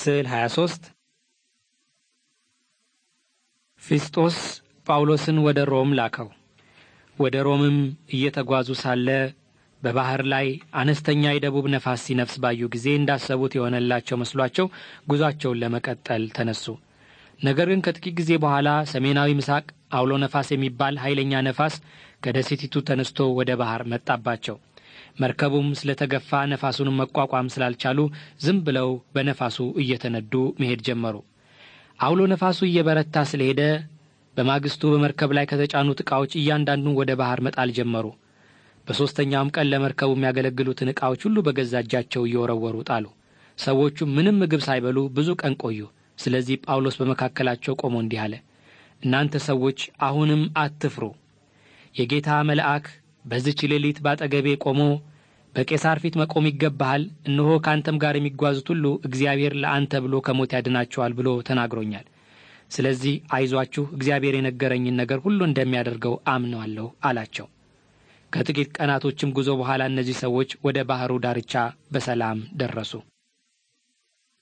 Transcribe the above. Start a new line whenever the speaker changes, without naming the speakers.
ስዕል 23 ፊስጦስ ጳውሎስን ወደ ሮም ላከው። ወደ ሮምም እየተጓዙ ሳለ በባህር ላይ አነስተኛ የደቡብ ነፋስ ሲነፍስ ባዩ ጊዜ እንዳሰቡት የሆነላቸው መስሏቸው ጉዟቸውን ለመቀጠል ተነሱ። ነገር ግን ከጥቂት ጊዜ በኋላ ሰሜናዊ ምስራቅ አውሎ ነፋስ የሚባል ኃይለኛ ነፋስ ከደሴቲቱ ተነስቶ ወደ ባህር መጣባቸው። መርከቡም ስለተገፋ ነፋሱን መቋቋም ስላልቻሉ ዝም ብለው በነፋሱ እየተነዱ መሄድ ጀመሩ። አውሎ ነፋሱ እየበረታ ስለሄደ በማግስቱ በመርከብ ላይ ከተጫኑት ዕቃዎች እያንዳንዱን ወደ ባህር መጣል ጀመሩ። በሦስተኛውም ቀን ለመርከቡ የሚያገለግሉትን ዕቃዎች ሁሉ በገዛ እጃቸው እየወረወሩ ጣሉ። ሰዎቹ ምንም ምግብ ሳይበሉ ብዙ ቀን ቆዩ። ስለዚህ ጳውሎስ በመካከላቸው ቆሞ እንዲህ አለ፣ እናንተ ሰዎች አሁንም አትፍሩ። የጌታ መልአክ በዚች ሌሊት ባጠገቤ ቆሞ በቄሳር ፊት መቆም ይገባሃል፣ እነሆ ከአንተም ጋር የሚጓዙት ሁሉ እግዚአብሔር ለአንተ ብሎ ከሞት ያድናቸዋል ብሎ ተናግሮኛል። ስለዚህ አይዟችሁ፣ እግዚአብሔር የነገረኝን ነገር ሁሉ እንደሚያደርገው አምነዋለሁ አላቸው። ከጥቂት ቀናቶችም ጉዞ በኋላ እነዚህ ሰዎች ወደ ባሕሩ ዳርቻ በሰላም ደረሱ።